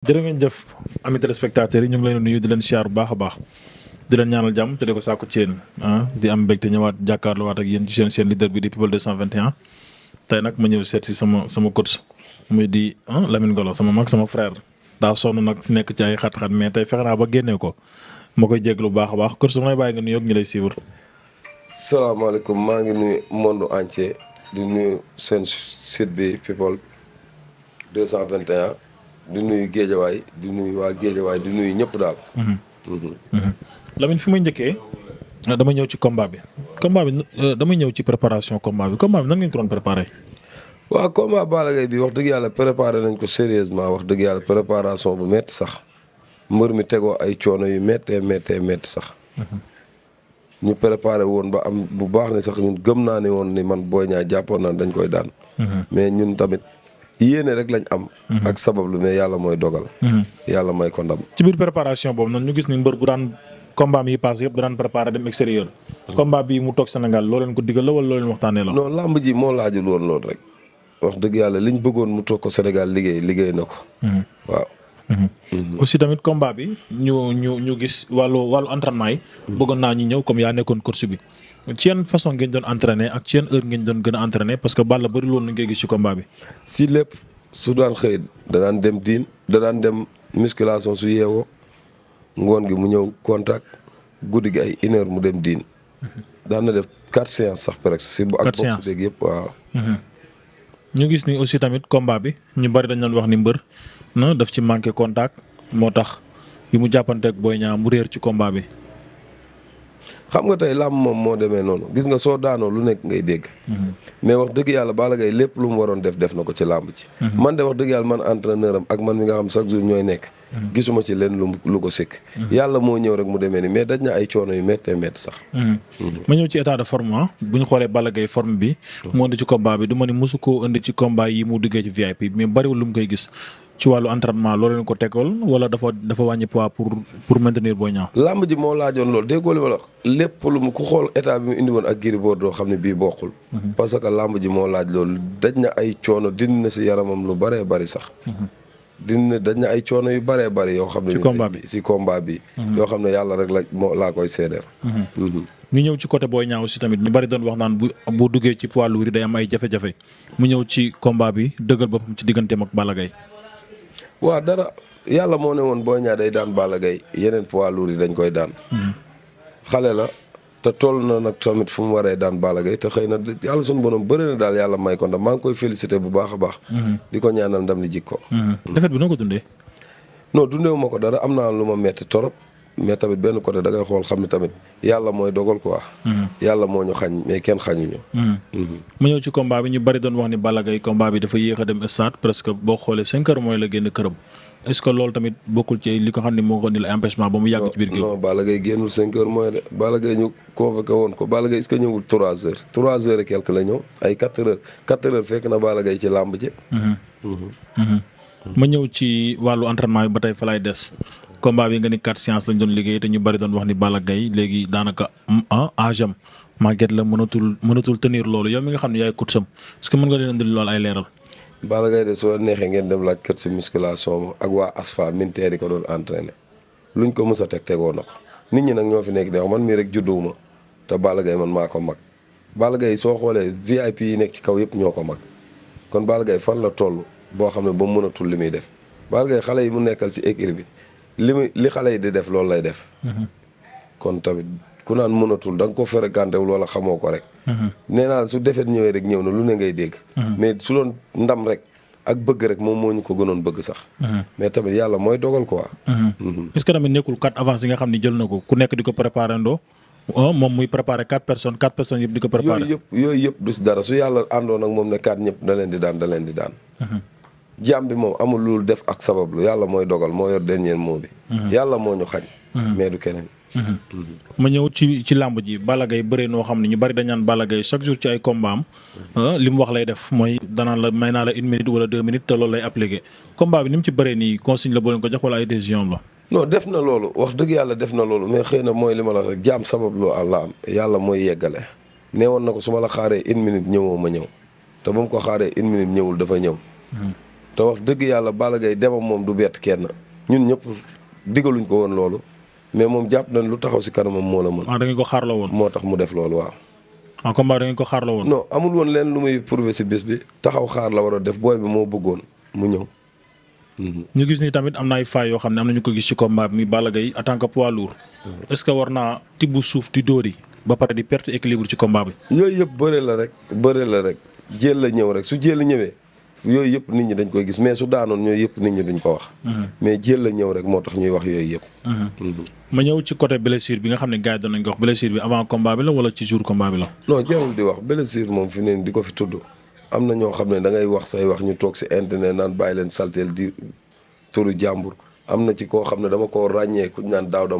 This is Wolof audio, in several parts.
jërë ngeen jëf ami téléspectateurs yi ñu ngi leen nuyu di leen siyaar bu baax a baax di leen ñaanal jàmm te di ko sàkku ci ah, di am mbégte ñëwaat jàkkaarloowaat ak yéen ci seen seen leader bi di People 221 tey nag ma ñëw seet si sama sama coach muy di ah, lamin Golo sama mag sama frère daa sonn nag nekk ci ay xat-xat mais tey fexe naa ba génnee ko ma koy jéglu lu baax a baax coach su may bàyyi nga nuyoog ñu lay siiwal. salaamaaleykum maa ngi nuyu monde entier di nuyu seen site bi People 221. di nuyu géejawaay di nuyu waa géejawaay di nuyu ñëpp daal. Mhm. Mhm. Mhm. Lamine fi may njëkkee euh, dama ñëw ci combat bi combat bi euh, dama ñëw ci préparation combat bi combat bi nan ngeen ko doon préparé. waaw combat Balla bi wax dëgg yàlla préparé nañ ko sérieusement wax dëgg yàlla préparation bu métti sax mbër mi tegoo ay coono yu méttee méttee métti sax. ñu préparé woon ba am bu baax ne sax ñun gëm naa ne woon ni man Boy Niang jàppoon naa dañ koy daan. mais ñun tamit. yéene rek lañ am. Mhm. ak sabab lu mais yàlla mooy dogal. Mhm. yàlla may ko ndam. ci biir préparation boobu noonu ñu gis ni mbër bu daan combat yi passé yëpp daan préparé dem extérieur. combat bi mu toog Sénégal loo leen ko digal la wala loo leen waxtaanee la. non làmb ji moo laajul woon loolu rek. wax dëgg yàlla liñ bëggoon mu toog ko Sénégal liggéey liggéey na ko. Mhm. waaw. aussi tamit combat bi ñu ñu ñu gis wàllu wàllu entraînement yi. bëggoon naa ñu ñëw comme yaa nekkoon course bi. ci yan façon ngeen doon entraîné ak ci yan heure ngeen doon gën a entraîné parce que Balla bëri loolu la ngay ci combat bi. si lépp su daan xëy dadaan dem diin dadaan dem musculation su yeewoo ngoon gi mu ñëw contact guddi gi ay une mu dem diin. daan def quatre séances sax presque. si bu ak bopp beeg yëpp waaw. Mhm. ñu gis ni aussi tamit combat bi ñu bari dañ doon wax ni mbër na def ci manqué contact moo tax bi mu jàppanteeg booy ñaa mu réer ci combat bi. xam nga tey làmb moom moo demee noonu gis nga soo daanoo lu nekk ngay dégg. Mhm. mais wax dëgg yàlla Balla Gaye lépp lu mu waroon def def na ko ci làmb ci mhm. man de wax dëgg yàlla man entraîneur am ak man mi nga xam chaque jour ñooy nekk. Mhm. gisuma ci leen lu lu ko sikk. yàlla moo ñëw rek mu demee ni mais daj na ay coono yu méttee métti sax. ma ñëw ci état de forme ah bu ñu xoolee Balla Gaye forme bi. mu indi ci combat bi du ma ni mosu koo indi ci combat yi mu duggee ci VIP mais bariwul lu mu koy gis ci wàllu entraînement loolu na ko tegool wala dafa dafa wàññi poids pour pour maintenir Boy Niang. làmb ji moo laajoon loolu déggoo li ma la lépp lu mu ku xool état bi mu indi woon ak Gris Bordeaux xam ne bii bokkul. Mhm. parce que làmb ji moo laaj loolu dañ na ay coono dindi na si yaramam lu bëree bari sax. Mhm. dina dañ na ay coono yu bëree bari yoo xam ne. ci combat bi ci combat bi. Mhm. yoo xam ne yàlla rek la moo laa koy seedeel. ñu ñëw ci côté booy ñaaw si tamit ñu bari doon wax naan bu bu duggee ci poids lourd yi am ay jafe mu ñëw ci combat bi dëggal boppam ci digganteem ak Balla waaw dara yàlla moo ne woon boo Niang day daan Balla Gaye yeneen poids lourds yi dañ koy daan. xale la te toll na nag tamit fu mu waree daan Balla Gaye te xëy na yàlla suñu borom bëri na daal yàlla may ko ndam maa ngi koy félicité bu baax a baax. Mhm. di ko ñaanal ndam li jik ko. Mhm. Mm. defet bi noo ko dundee. noo dundee wu ko dara am naa lu ma metti torop mais tamit benn côté da ngay xool xam ne tamit yàlla mooy dogal quoi. Hmm. yàlla moo ñu xañ mais kenn xañuñu. mu hmm. hmm. ñëw ci combat bi ñu bari doon wax ni Balla Gaye combat bi dafa yéex dem stade presque boo xoolee cinq mooy la génn këram est-ce que tamit bokkul ci li ko xam ne moo ko indil empêchement ba mu yàgg. ci biir géew non génnul cinq mooy de Balla Gaye ñu convoqué woon ko Balla Gaye est-ce que ñëwul trois heures trois heures et quelque la ñëw ay quatre heures quatre heures fekk na Balla Gaye ci làmb ji. ma ñëw wàllu entraînement bi ba tey fa combat bi nga ni quatre séances lañ doon liggéey te ñu bari doon wax ni Balla Gaye léegi daanaka mm, ah, âge am la mënatul mënatul tenir loolu yow mi nga xam ne yaay kut sam est-ce que mën nga leen andil loolu ay leeral. Balla de soo neexee ngeen dem laaj kër si musculation ak waa ASFA militaire yi ko doon entraîné luñ ko mës a teg tegoo na nit ñi nag ñoo fi nekk de man mii rek judduwuma te Balla Gaye man maa ko mag Balla Gaye soo xoolee VIP yi nekk ci kaw yëpp ñoo ko mag kon Balla Gaye fan la toll boo xam ne ba mënatul li muy def Balla Gaye xale yi mu nekkal si écurie bi li muy li xale yi di def loolu lay def. Mhm. kon tamit ku naan mënatul da nga ko fréquenté wul wala xamoo ko rek. Mhm. nee naa su defet ñëwee rek ñëw na lu ne ngay dégg. Mhm. mais su doon ndam rek. ak bëgg rek moom moo ñu ko gënoon bëgg sax. mais tamit yàlla mooy dogal ko est-ce que tamit nekkul quatre avance yi nga xam ne jël na ko ku nekk di ko préparé ndoo moom muy préparé quatre personnes quatre personnes yëpp di ko préparé. yooyu yëpp yooyu dara su yàlla àndoon ak moom ne quatre ñëpp da di daan da leen di daan. jaam bi moom amul lu def ak sabab yàlla mooy dogal moo yor dernier mot bi. Mhm. yàlla moo ñu xañ. Mhm. mais du keneen. Mhm. ma ñëw ci ci làmb ji Balla Gaye bëree noo xam ne ñu bari dañ naan Balla Gaye chaque jour ci ay combat am ah, li mu wax lay def mooy danaan la may naa la une minute wala deux minutes te loolu lay appliqué combat bi ni mu ci bëree nii consigne la boo leen ko jox wala ay décision la. non def na loolu wax dëgg yàlla def na loolu mais xëy na mooy li la wax rek jaam sabab loo àlla am yàlla mooy yeggale nee woon na ko su ma la xaaree une minute ñëwoo ma ñëw te ba ko xaaree une minute ñëwul dafa ñëw. te wax dëgg yàlla Balla Gaye demam moom du bett kenn ñun ñëpp digaluñ ko woon loolu mais moom jàpp nañ lu taxaw si kanamam moo la mën. ah da ngeen ko xaarloo woon. moo tax mu def loolu waaw. ah combat da ngeen ko xaarloo woon. non amul woon leen lu muy prouver si bi taxaw xaar la war a def booy bi moo bëggoon mu ñëw. Mhm. ñu gis nii tamit am na ay failles yoo xam ne am na ñu ko gis ci combat bi muy Balla Gaye en tant que poids lourd. Mhm. est que war naa tibb suuf di dóori ba pare di perte équilibre ci combat bi. yooyu yëpp bëre la rek bëre la rek jéel la ñëw rek su jéel la ñëwee yooyu yëpp nit ñi dañ koy gis mais su daanoon yooyu yëpp nit ñi dañ ko wax. Mhm. mais jéel la ñëw rek moo tax ñuy wax yooyu yëpp. Mhm. Mhm. ma ñëw ci côté blessure bi nga xam ne gars yi doon nañ ko wax blessure bi avant combat bi la wala ci jour combat bi la. di wax blessure moom fi neen di ko fi tudd am na ñoo xam ne da ngay wax say wax ñu toog si internet naan bàyyi leen salteel di turu jàmbur am na ci koo xam ne dama ko ràññeeku ku ñu naan Daouda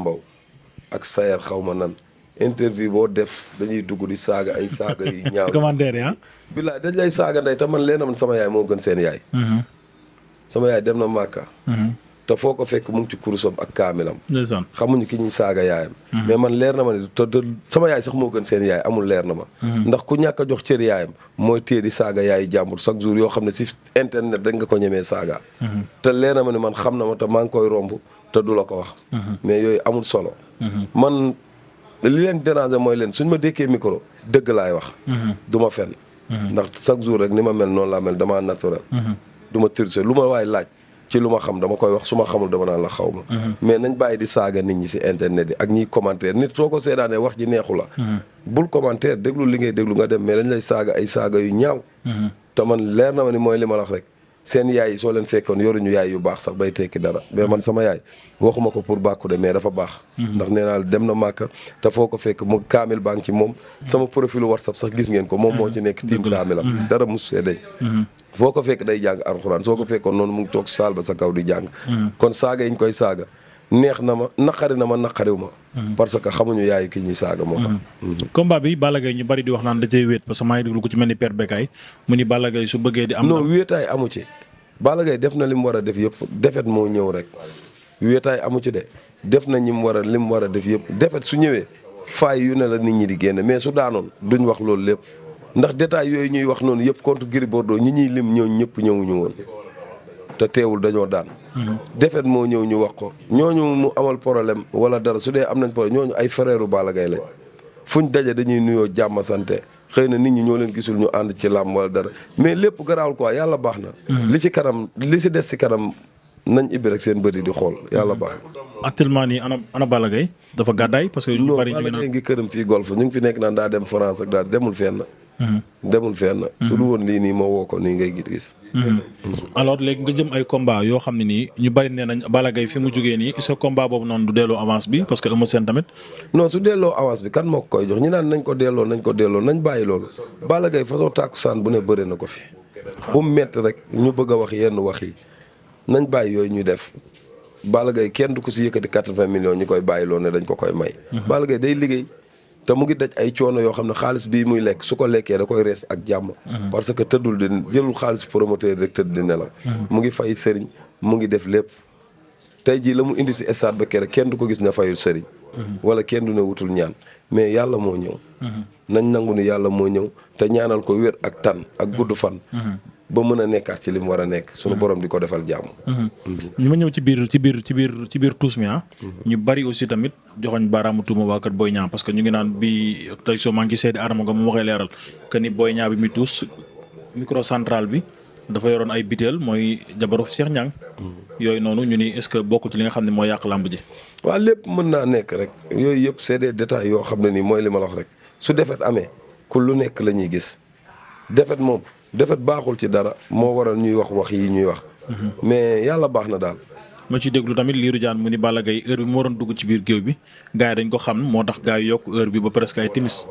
ak Sayar xaw ma nan interview boo def dañuy dugg di saaga ay saaga yu ñaaw. commentaire ah. billaay dañ lay saaga ndey te man leen man sama yaay moo gën seen yaay. Mhm. sama yaay dem na Màkka. Mhm. te foo ko fekk mu ngi ci kurusam ak kaamilam. xamuñu ki ñuy saaga yaayam. Mhm. mais man leer na ma ne te sama yaay sax moo gën seen yaay amul leer na ma. ndax ku ñàkk a jox cër yaayam mooy téye di saaga yaayu jàmbur chaque jour yoo xam ne si internet dañ nga ko ñemee saaga. te leer ma ne man xam na ma te maa ngi koy romb te du la ko wax. mais yooyu amul solo. man li leen déranger mooy leen suñ ma dékkee micro dëgg laay wax. du ma fenn. Mhm. ndax chaque jour rek ni ma mel noon laa mel damaa naturel. Mhm. du ma tricher lu ma waaye laaj ci lu ma xam dama koy wax su ma xamul dama naan la xaw ma. Mhm. mais nañ bàyyi di saaga nit ñi si internet yi ak ñiy commentaire nit soo ko seedaanee wax ji neexu la. bul commentaire déglu li ngay déglu nga dem mais dañ lay saaga ay saaga yu ñaaw. te man leer na ma ni mooy li ma la wax rek. seen yaay soo leen fekkoon yoruñu yaay yu baax sax bay tekki dara mais man sama yaay waxuma ko pour bàkku de mais dafa baax. ndax nee naa dem na màkka te foo ko fekk mu kaamil baa ngi ci moom. sama profilu whatsapp sax gis ngeen ko moom moo ci nekk tiim kaamilam mm-hmm. dara mu seede mm-hmm. foo ko fekk day jàng alxuraan soo ko fekkoon noonu mu ngi toog saal ba sa kaw di jàng. Mm-hmm. kon saaga yi koy saaga. neex na ma naqari na ma naqariw ma. Mm-hmm. parce que xamuñu yaay ki ñuy saaga moo tax. Mm-hmm. combat bi Balla Gaye ñu bari di wax naan da cee wéet parce que maa ngi déglu ci mel ni Père Bekaay mu ni Balla su bëggee di. am non wéetaay amu ci. Balla Gaye def na li mu war a def yëpp defet moo ñëw rek wéetaay amu ci de def na ñi mu war a li mu war a def yëpp defet su ñëwee faay yu ne la nit ñi di génne mais su daanoon duñ wax loolu lépp ndax détail yooyu ñuy wax noonu yëpp contre Gris Bordeaux ñi ñuy lim ñooñu ñëpp ñëwuñu woon. te teewul dañoo daan. defet moo ñëw ñu wax ko. ñooñu mu amal poroblème wala dara su dee am nañ problème ñooñu ay frère Balla Gaye fu ñu daje dañuy nuyoo jàmm sante xëy na nit ñi ñoo leen gisul ñu ànd ci làmb wala dara mais lépp garaawul quoi yàlla baax na. Mm-hmm. li ci kanam li ci des ci kanam nañ ibbi rek seen bëri di xool yàlla baax na. actuellement nii ana ana Balla Gaye dafa gàddaay parce que ñu bari ñu ngi naan këram fii golf ñu ngi fi nekk naan daa dem France ak daal demul fenn. Mm-hmm. demul fenn. Mm-hmm. su du woon lii nii ma woo ko nii ngay gis. Mm-hmm. alors léegi nga jëm ay combat yoo xam ne nii ñu bari nee nañ Balla Gaye fi mu jugee nii sa combat boobu noonu du delloo avance bi parce que Eumeu Sène tamit. non su delloo avance bi kan moo ko koy jox ñu naan nañ ko delloo nañ ko delloo nañ bàyyi loolu Balla Gaye façon tàkkusaan bu ne bëre na ko fi. bu mu métti rek ñu bëgg a wax yenn wax yi nañ bàyyi yooyu ñu def. Balla Gaye kenn du ko si yëkkati quatre-vingts millions ñu koy bàyyiloo ne dañ ko koy may. te mu ngi daj ay coono yoo xam ne xaalis bii muy lekk su ko lekkee da koy rees ak jàmm. Mhm. parce que tëddul di jëlul xaalis promoteur rek tëdd di nelaw. Mhm. mu ngi fay sëriñ mu ngi def lépp. tey jii la mu indi si stade ba kere kenn du ko gis ne fayul sëriñ. Mhm. wala kenn du ne wutul ñaan mais yàlla moo ñëw. nañ nangu ni yàlla moo ñëw te ñaanal ko wér ak tan ak gudd fan. ba mën a nekkaat ci li war a nekk. sunu mhm. borom di ko defal jàmm. ñu mhm. mhm. ma ñëw ci biir ci biir ci biir tuus mi ah. ñu bari aussi tamit joxoñ baaraamu tuuma waa kat Boy Niang parce que ñu ngi naan bi tey soo maa ngi seede mu bi tuus micro bi. dafa yoroon ay biteel mooy jabaru Cheikh Niang yooyu noonu ñu ni est-ce que bokkul ci li nga xam ne mooy yàq làmb ji. waaw lépp mën naa nekk rek yooyu yëpp c'est des yoo xam ne nii mooy li ma la rek su defet amee ku lu nekk la ñuy gis defet moom defet baaxul ci dara moo waral ñuy wax wax yi ñuy wax. mais yàlla baax na daal. ma ci déglu tamit liiru jaan mu ni Balla Gaye heure bi moo doon dugg ci biir géew bi gars yi dañ ko xam moo tax gars yi yokk heure bi ba presque ay timis.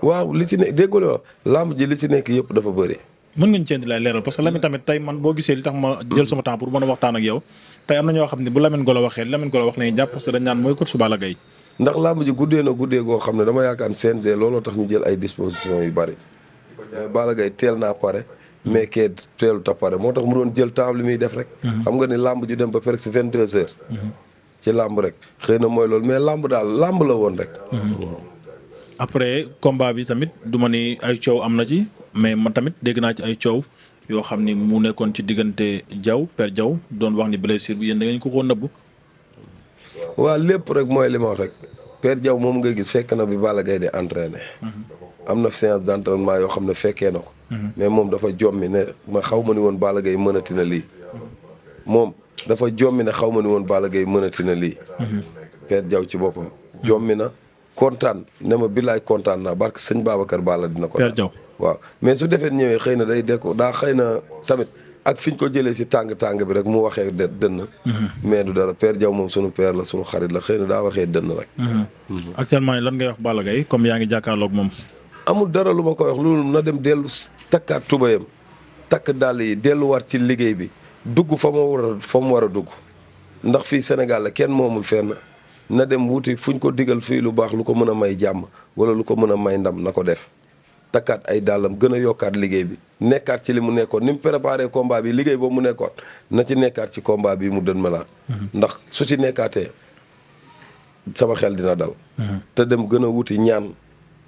waaw li ci ne déggoo la làmb ji li ci nekk yëpp dafa bëri. mën nga ñu cee lay leeral parce que Lamine tamit tey man boo gisee li tax ma jël sama temps pour mën a waxtaan ak yow tey am na ñoo xam ne bu Lamine Golo waxee Lamine wax nañu jàpp parce que mooy coach su Balla Gaye ndax làmb ji guddee xam ne dama yaakaar CNG looloo tax ñu jël ay dispositions yu bari mais euh, Balla teel naa pare mais kee teelut a pare moo tax mu doon jël temps li muy def rek mhm. xam nga ni làmb ju dem ba pare si vingt deux heures mhm. ci làmb rek xëy na mooy loolu mais làmb daal làmb la woon rek mhm. après combat bi tamit du ma ni ay coow am na ci mais ma tamit dégg naa ci ay coow yoo xam ni mu nekkoon ci diggante jaw Père Diaw doon wax ni blessure bi yéen danga ngeen ko koo nëbbu. waaw lépp rek mooy li ma wax rek Père Diaw moom nga gis fekk na bi Balla Gaye di entraîné. am na séance d' entraînement yoo xam ne fekkee na ko. Mhm. mais moom dafa jommi ne ma xaw ma ni woon Balla Gaye mënati na lii. moom dafa jommi ne xaw ma ni woon Balla Gaye mënati na lii. Mhm. Père ci boppam. jommi na kontaan ne ma billaay kontaan naa barke sëñ Babacar baala dina ko. Père Diaw waaw mais su defee ñëwee xëy na day dekko daa xëy na tamit ak fi ñu ko jëlee si tàng tàng bi rek mu waxee dë dënn. Mhm. mais du dara Père Diaw moom sunu père la sunu xarit la xëy na daa waxee dënn rek. actuellement lan ngay wax Balla Gaye comme yaa ngi jàkkaarloog moom. amul dara lu ma koy na dem dellu takkaat tubayam takk dàll yi delluwaat ci liggéey bi dugg fa mu mu war a dugg ndax fii Sénégal kenn moomul fenn na dem wuti fu ko digal fii lu baax lu ko mën a may jàmm wala lu ko mën a may ndam na ko def takkaat ay dàllam gën a yokkaat liggéey bi nekkaat ci li mu nekkoon ni mu préparé combat bi liggéey boobu mu nekkoon na ci nekkaat ci kombaa bi mu dën malaat mhm. ndax su ci nekkaatee sama xel dina dal mhm. te dem gën a wuti ñaan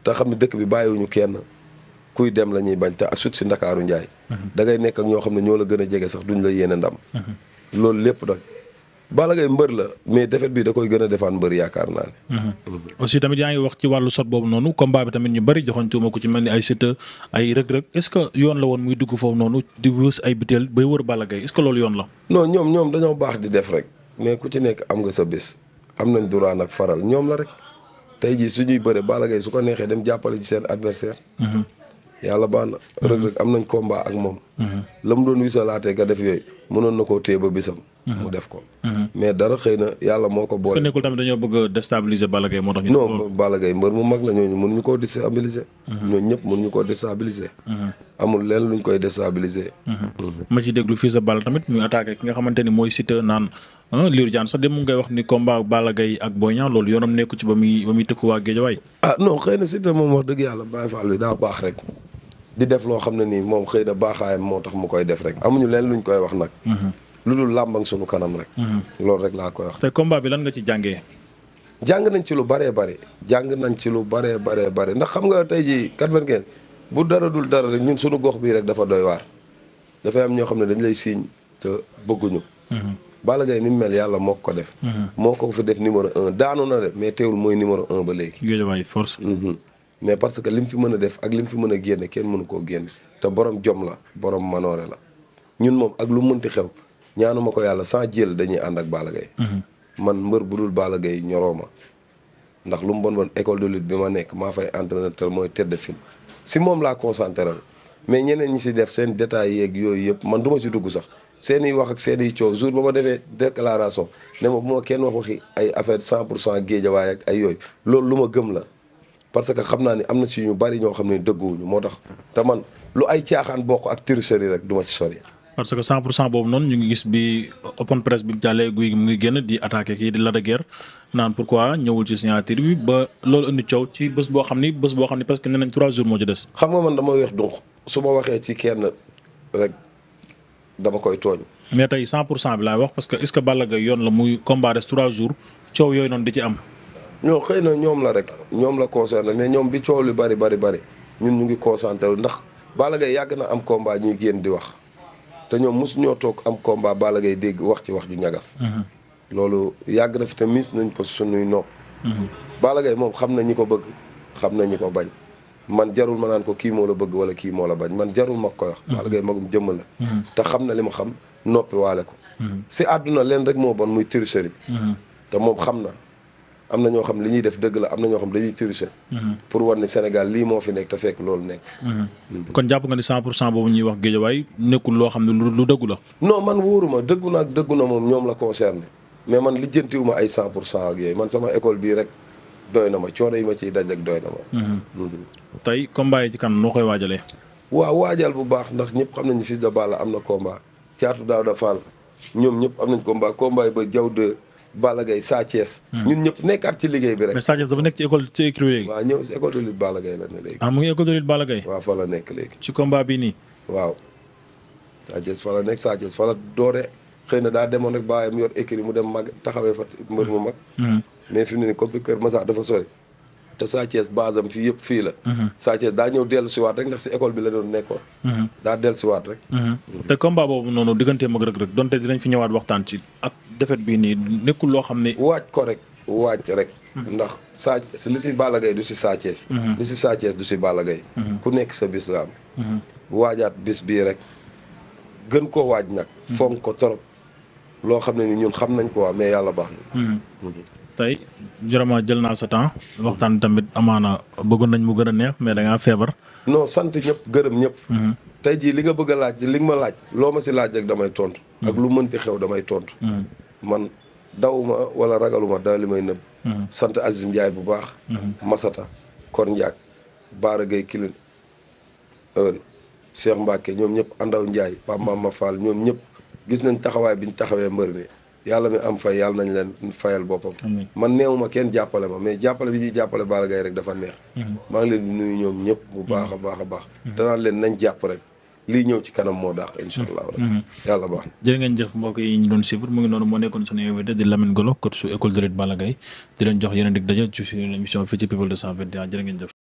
te xam ne dëkk bi bàyyiwuñu kenn kuy dem la ñuy bañ te sut si ndakaaru njaay mhm. da ngay nekk ak ñoo xam ne ñoo la gën a jege sax duñ la yéene ndam mhm. loolu lépp nag Balla Gaye mbër la mais défaite bi da koy gën defaan mbër yaakaar naa ne mhm. aussi tamit yaa ngi wax ci wàllu sot boobu noonu combat bi tamit ñu bari joxoñ tuuma ko ci mel ni ay Siteu ay Reug Reug est yoon la woon muy dugg foofu noonu di wës ay biteel bay wër Balla Gaye loolu yoon la non ñoom ñoom dañoo baax di def rek mais ku ci nekk am nga sa bés am nañ duraan ak faral ñoom la rek tey ji su ñuy Balla Gaye su ko neexee dem jàppale ci seen adversaire mhm. yàlla baax na mhm. Reug Reug am nañ combat ak moom mhm. la mu doon wisalaatee nga def yooyu mënoon na ko téye ba bisam mu def ko mais dara xëy na yàlla moo ko boole parce que nekkul tamit dañoo bëgg déstabiliser Balla Gaye moo tax ñu non Balla Gaye mbër mu mag la ñooñu mënuñu koo déstabiliser ñooñu ñëpp koo déstabiliser amul leen luñ koy déstabiliser ma ci déglu fii sa Balla tamit muy attaqué ki nga xamante ni mooy Siteu naan Ah, Lirou Diane sax de mu ngay wax ni combat Balla Gaye ak Boy Niang loolu yoonam nekku ci ba muy ba waa Géejawaay ah non xëy na Siteu moom wax dëgg yàlla Baye Fall bi daa baax rek di def loo xam ne nii moom xëy na baaxaayam moo tax mu koy def rek amuñu leen luñ koy wax nag mhm. lu dul làmbang sunu kanam rek mhm. loolu rek laa koy wax te komba bi lan nga ci jàngee jàng nañ ci lu bëree bëri jàng nañ ci lu bëree bëree bëri ndax xam nga tey jii quatre vingt bu dara dul dara rek suñu gox bii rek dafa doy waar dafay am ñoo xam ne dañ lay siiñ te bëgguñu mhm. Balla Gaye ni mel yàlla moo ko def. Mhm. moo ko fi def numéro un daanu na de mais teewul mooy numéro un ba léegi. Mhm. mais parce que li mu fi mën a def ak li mu fi mën a génne kenn mënu koo génn te borom jom la borom manoore la ñun moom ak lu mun ti xew ñaanuma ko yàlla sans jël dañuy ànd ak Balla Gaye. Mhm. man mbër bu dul Balla Gaye ñoroo ma ndax lu mu bon bon école de lutte bi ma nekk maa fay entraîneur mooy tedd film si moom laa concentré mais ñeneen ñi si def seen détails yeeg yooyu yëpp man du ma si dugg sax. seeni wax ak seeni coow jour ba ma defee déclaration ne ma bu kenn wax waxi ay affaire cent pour cent géejawaay ak ay yooyu loolu lu ma gëm la parce que xam naa ni am na si ñu bari ñoo xam ne dëgguwuñu moo tax te man lu ay caaxaan bokk ak tricherie rek du ma ci sori. parce que 100 pour cent boobu noonu ñu ngi gis bi open press bi jàllee guy mu ngi génn di attaqué kii di Lac de Guiers naan pourquoi ñëwul ci signature bi ba loolu indi coow ci bés boo xam ni bés boo xam ni parce que nee nañ 3 jours moo ci nga man dama weex donc su ma waxee ci kenn rek. dama koy tooñ. mais tey 100 pour cent bi laay wax parce que est ce que Balla Gaye yoon la muy combat des 3 jours coow yooyu noonu di ci am. ñoo xëy na ñoom la rek ñoom la concerné mais ñoom bi coow lu bari bari bari ñun ñu ngi concentré ndax Balla Gaye yàgg na am combat ñuy génn di wax te ñoom mosu ñoo toog am combat Balla Gaye dégg wax ci wax ju ñagas. Mhm. loolu yàgg na fi te mis nañ ko suñuy nopp. Mhm. Balla Gaye moom xam na ñi ko bëgg xam na ñi ko bañ. man jarul ma naan ko kii moo la bëgg wala kii moo la bañ man jarul ma ko wax Balla hmm. Gaye magum jëmm la hmm. te xam na li ma xam noppi waale ko hmm. si àdduna leen rek moo bon muy tricherie te moom xam na am na ñoo xam li ñuy def dëgg la am na ñoo xam dañuy tricher pour war ni Sénégal lii moo fi nekk te fekk loolu nekk kon jàpp nga ni cent pour cent boobu ñuy wax géejawaay nekkul loo xam ne lu dëggu la no man wóoruma dëggu na ak dëggu na moom ñoom la concerné mais man lijjantiwu ma ay cent pour cent ak yooyu man sama école bii rek doy na ma coono yi ma ciy daj ak doy na ma. Mhm. Mhm. tey combat yi ci kanam noo koy waajalee. waaw waajal bu baax ndax ñëpp xam nañu Fils de Balla am na combat caatu daaw da faal ñoom ñëpp am nañ combat combat ba jaw de bala Gaye Sa Thiès. Mhm. ñun ñëpp nekkaat ci liggéey bi rek. mais dafa nekk ci école ci écurie léegi. waaw ñëw si école de lutte Balla Gaye la ah, nekk léegi. ci combat bi nii. waaw Sa Thiès fa la nekk Sa Thiès doore xëy na daa demoon rek baayam yor mu dem mag taxawee fa mbër mu mag. mais fi mu ne nii comme Kër Massar dafa sori te Sa Thiès fii yëpp fii la. Mhm. Sa Thiès daa ñëw dellu si waat rek ndax si école bi la doon nekkoon. Mhm. daa dellu si waat rek. Mhm. te combat boobu noonu digganteem ak Reug Reug donte dinañ fi ñëwaat waxtaan ci ak defet bi nii nekkul loo xam ne. waaj ko rek waaj rek. ndax Sa li si Balla Gaye du si Sa Thiès. li si Sa du si Balla Gaye. ku nekk sa bis la am. waajaat bis bii rek gën ko waaj nag. fonk ko torop loo xam ne ni ñun xam nañ ko waa mais yàlla baax na. tey vraiment jël naa sa temps waxtaan tamit amaana bëggoon nañ mu gën a neex mais da feebar. non sant ñëpp gërëm ñëpp. Mm-hmm. tey jii li nga bëgg a laaj li nga ma laaj loo ma si laaj rek damay tontu. Mm-hmm. ak lu mënti xew damay tontu. Mm-hmm. man dawuma wala ragaluma daal li may nëbb. sant Aziz Ndiaye bu baax. Masata Kor Ndiak Baara Gueye Kilin Ewen Cheikh ñoom ñëpp Andaw njaay Pape Mama Fall ñoom ñëpp gis nañ taxawaay bi taxawee mbër mi. yàlla mi am fay yàlla nañ leen fayal boppam man neewuma kenn jàppale ma mais jàppale bi ñuy jàppale Balla rek dafa neex maa leen di ñoom ñëpp bu baax a baax a baax danaan leen nañ jàpp rek lii ñëw ci kanam moo daax incha allah yàlla baax jërë ngeen jëf mbokk yi ñu doon suivre mu noonu moo nekkoon suñu invité di Lamine Golo coach su école de lutte di leen jox yeneen dig daje ci suñu émission fii ci People 221 jërë ngeen jëf